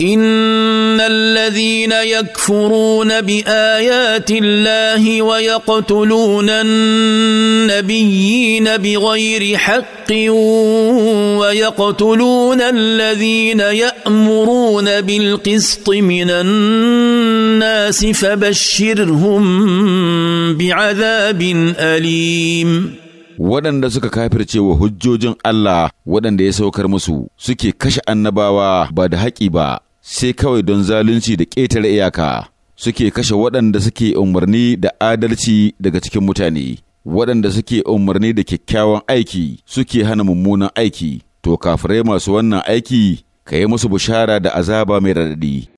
ان الذين يكفرون بايات الله ويقتلون النبيين بغير حق ويقتلون الذين يامرون بالقسط من الناس فبشرهم بعذاب اليم waɗanda suka kafirce wa hujjojin Allah waɗanda ya saukar musu suke kashe annabawa ba da haƙi ba sai kawai don zalunci da ƙetare iyaka suke kashe waɗanda suke umarni da adalci daga cikin mutane waɗanda suke umarni da kyakkyawan aiki suke hana mummunan aiki to kafirai masu wannan aiki ka yi musu bushara da azaba mai raɗaɗi